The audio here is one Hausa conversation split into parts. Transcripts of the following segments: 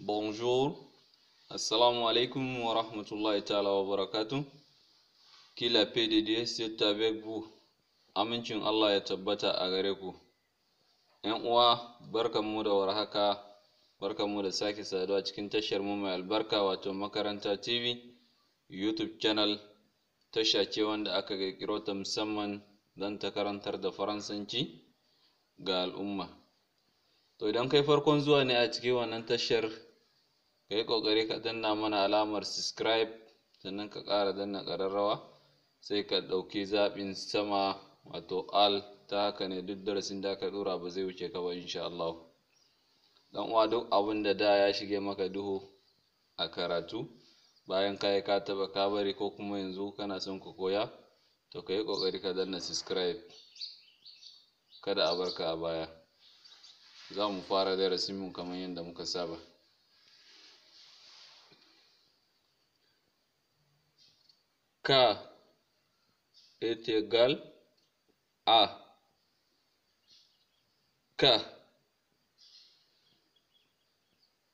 Bonjour, Assalamu alaikum wa rahmatullahi ta'ala wa barakatu. kila la paix de avec vous. Amincin Allah ya tabbata a gare ku. ‘Yan uwa, barkanmu da warhaka, barkanmu da sake saduwa cikin tashar mu mai albarka wato makaranta TV, YouTube channel, tasha ce wanda aka ƙirƙiro ta musamman don ta karantar da Faransanci ga al'umma. To idan kai farkon zuwa ne a cikin wannan tashar ka yi ƙoƙari ka danna mana alamar subscribe sannan ka ƙara danna ƙararrawa sai ka ɗauki zaɓin sama wato al ta haka ne duk darasin da ka ɗora ba zai wuce ka ba insha Allah ɗan uwa duk abin da da ya shige maka duhu a karatu bayan ka yi ka taɓa ka bari ko kuma yanzu kana son ka koya to ka yi ƙoƙari ka danna subscribe kada a barka a baya za mu fara darasinmu kamar yadda muka saba K est égal à K.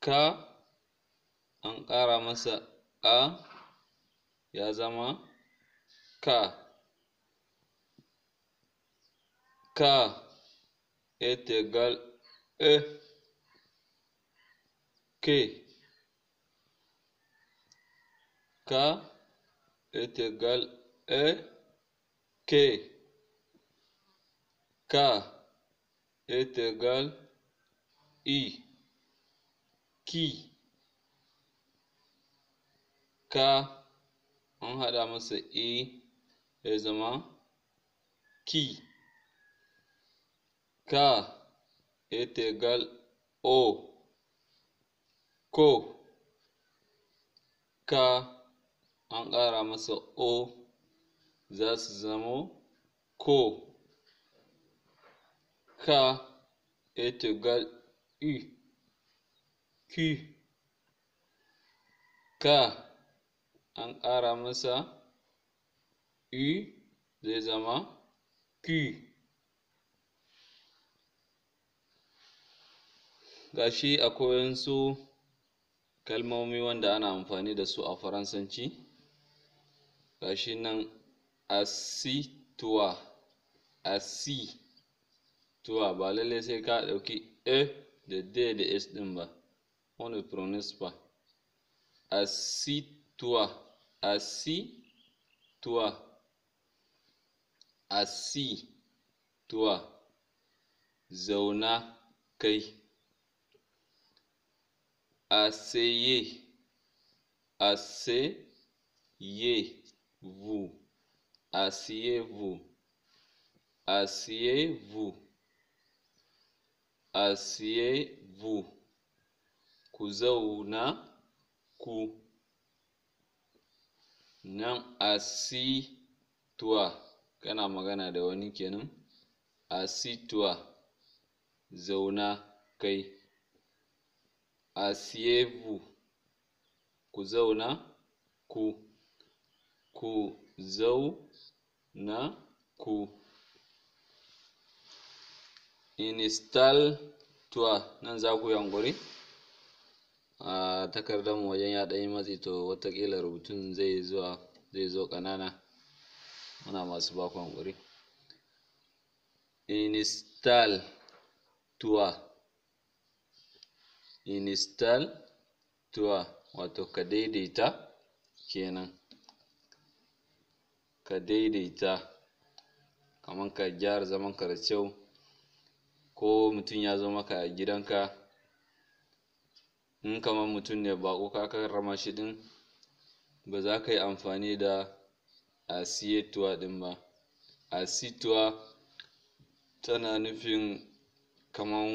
K an ƙara masa a ya zama K. Ka est égal à E. K. est égal à e, K. K est égal I. Ki. K an a masa i ya zama ki. K est égal O. Ko. Ka an ƙara masa o za su zamo ko ka etugal i ki ka an ƙara masa i zai zama ki gashi akwai wasu kalmomi wanda ana amfani da su a faransanci gashi nan asituwa asituwa ba lallai sai ka ɗauki a e da d da s ɗin ba wani pronounce asituwa asituwa asituwa zauna kai aseye aseye vous, asseyez-vous, asseyez-vous, asseyez-vous, ku zauna ku, nan asituwa kana magana da wani kenan, asituwa zauna kai, asseyez-vous, ku zauna ku. ku zauna ku install tuwa nan za ku yi a takardar mu wajen ya ɗanyi matsi to watakila rubutun zai zuwa zai zo ƙanana muna masu ba ku hankuri install tuwa install tuwa wato ka daidaita kenan ka daidaita kamar ka gyara zaman ka da kyau ko mutum ya zo maka a gidanka in kamar mutum ne baƙo ka karrama shi ɗin ba za ka yi amfani da asiyatuwa ɗin ba asituwa tana nufin kamar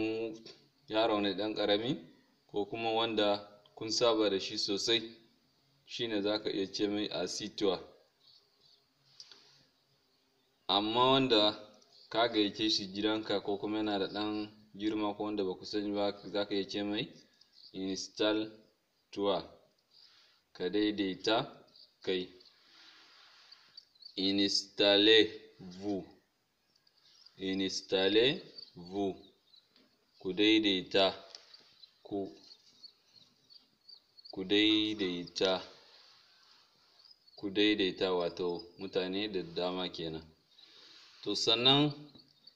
yaro ne ɗan ƙarami ko kuma wanda kun saba da shi sosai shine za ka iya ce mai asituwa amma wanda ka gayyace shi gidanka ko kuma yana da ɗan girma ko wanda ba ku sani ba za ka iya ce mai install tuwa ka daidaita kai installez-vous installez-vous ku daidaita ku ku daidaita ku daidaita wato mutane da dama kenan to sannan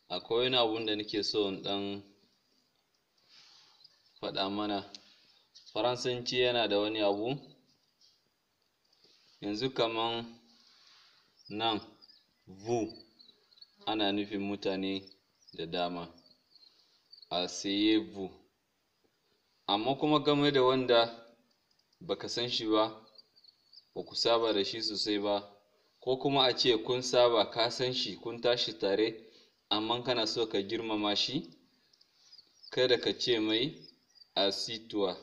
akwai wani abu da nake so in ɗan faɗa mana faransanci yana da wani abu yanzu kaman nan vu ana nufin mutane da dama a saye vu amma kuma game da wanda baka san shi ba ba ku saba da shi sosai ba ko kuma a ce kun saba ka san shi kun tashi tare amma kana so ka girmama shi kada ka ce mai asituwa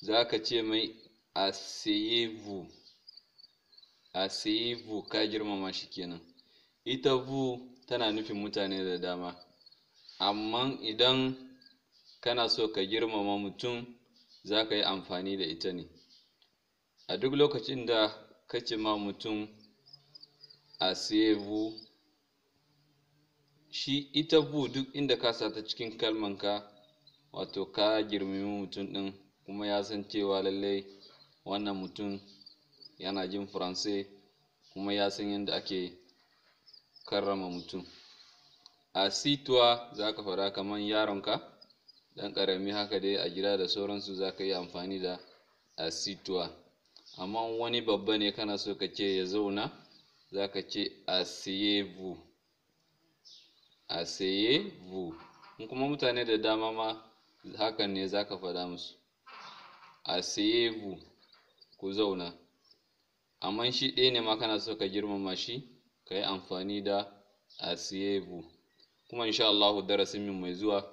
za ka ce mai aseyevu aseyevu ka girmama shi kenan ita vu tana nufin mutane da dama amma idan kana so ka girmama mutum za ka yi amfani da ita ne a duk lokacin da kace ma mutum a siye shi ita bu duk inda ka sata cikin kalmanka wato ka girmimi mutum ɗin kuma ya san cewa lallai wannan mutum yana jin faransai kuma ya san yadda ake karrama mutum a situwa za ka fara kamar yaronka ɗan ƙarami haka dai a gida da sauransu za ka yi amfani da a situwa amma wani babba ne kana so ka ce ya zauna za ka ce asyevu asyevu in kuma mutane da dama ma hakan ne za ka faɗa musu asyevu ku zauna amma shi ɗaya ne ma kana so ka girmama shi ka yi amfani da asyevu kuma insha Allahu darasin min mai zuwa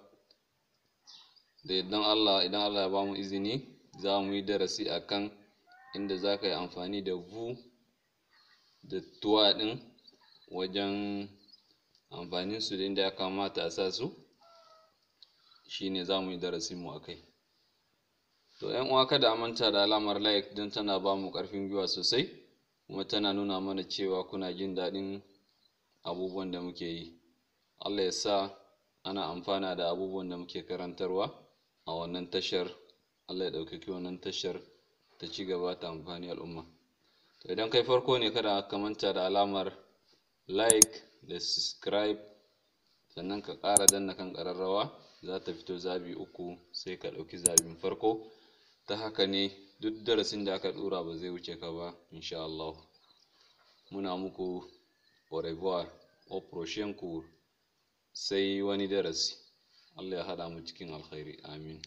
da idan Allah idan Allah ya ba mu izini za mu yi darasi kan. inda za ka yi amfani da vu da tuwa ɗin wajen amfanin da inda ya kamata a sa su shine za mu yi darasin mu a kai to yan uwa kada a manta da alamar like don tana ba mu ƙarfin gwiwa sosai kuma tana nuna mana cewa kuna jin daɗin abubuwan da muke yi Allah ya sa ana amfana da abubuwan da muke karantarwa a wannan tashar Allah ya ɗaukaki wannan tashar ta ci gaba ta amfani al'umma to idan kai farko ne kada ka manta da alamar like da subscribe sannan ka ƙara danna kan ƙararrawa za ta fito zabi uku sai ka ɗauki zabin farko ta haka ne duk darasin da aka ɗura ba zai wuce ka ba insha Allah muna muku au revoir au prochain cours sai wani darasi Allah ya haɗa mu cikin alkhairi amin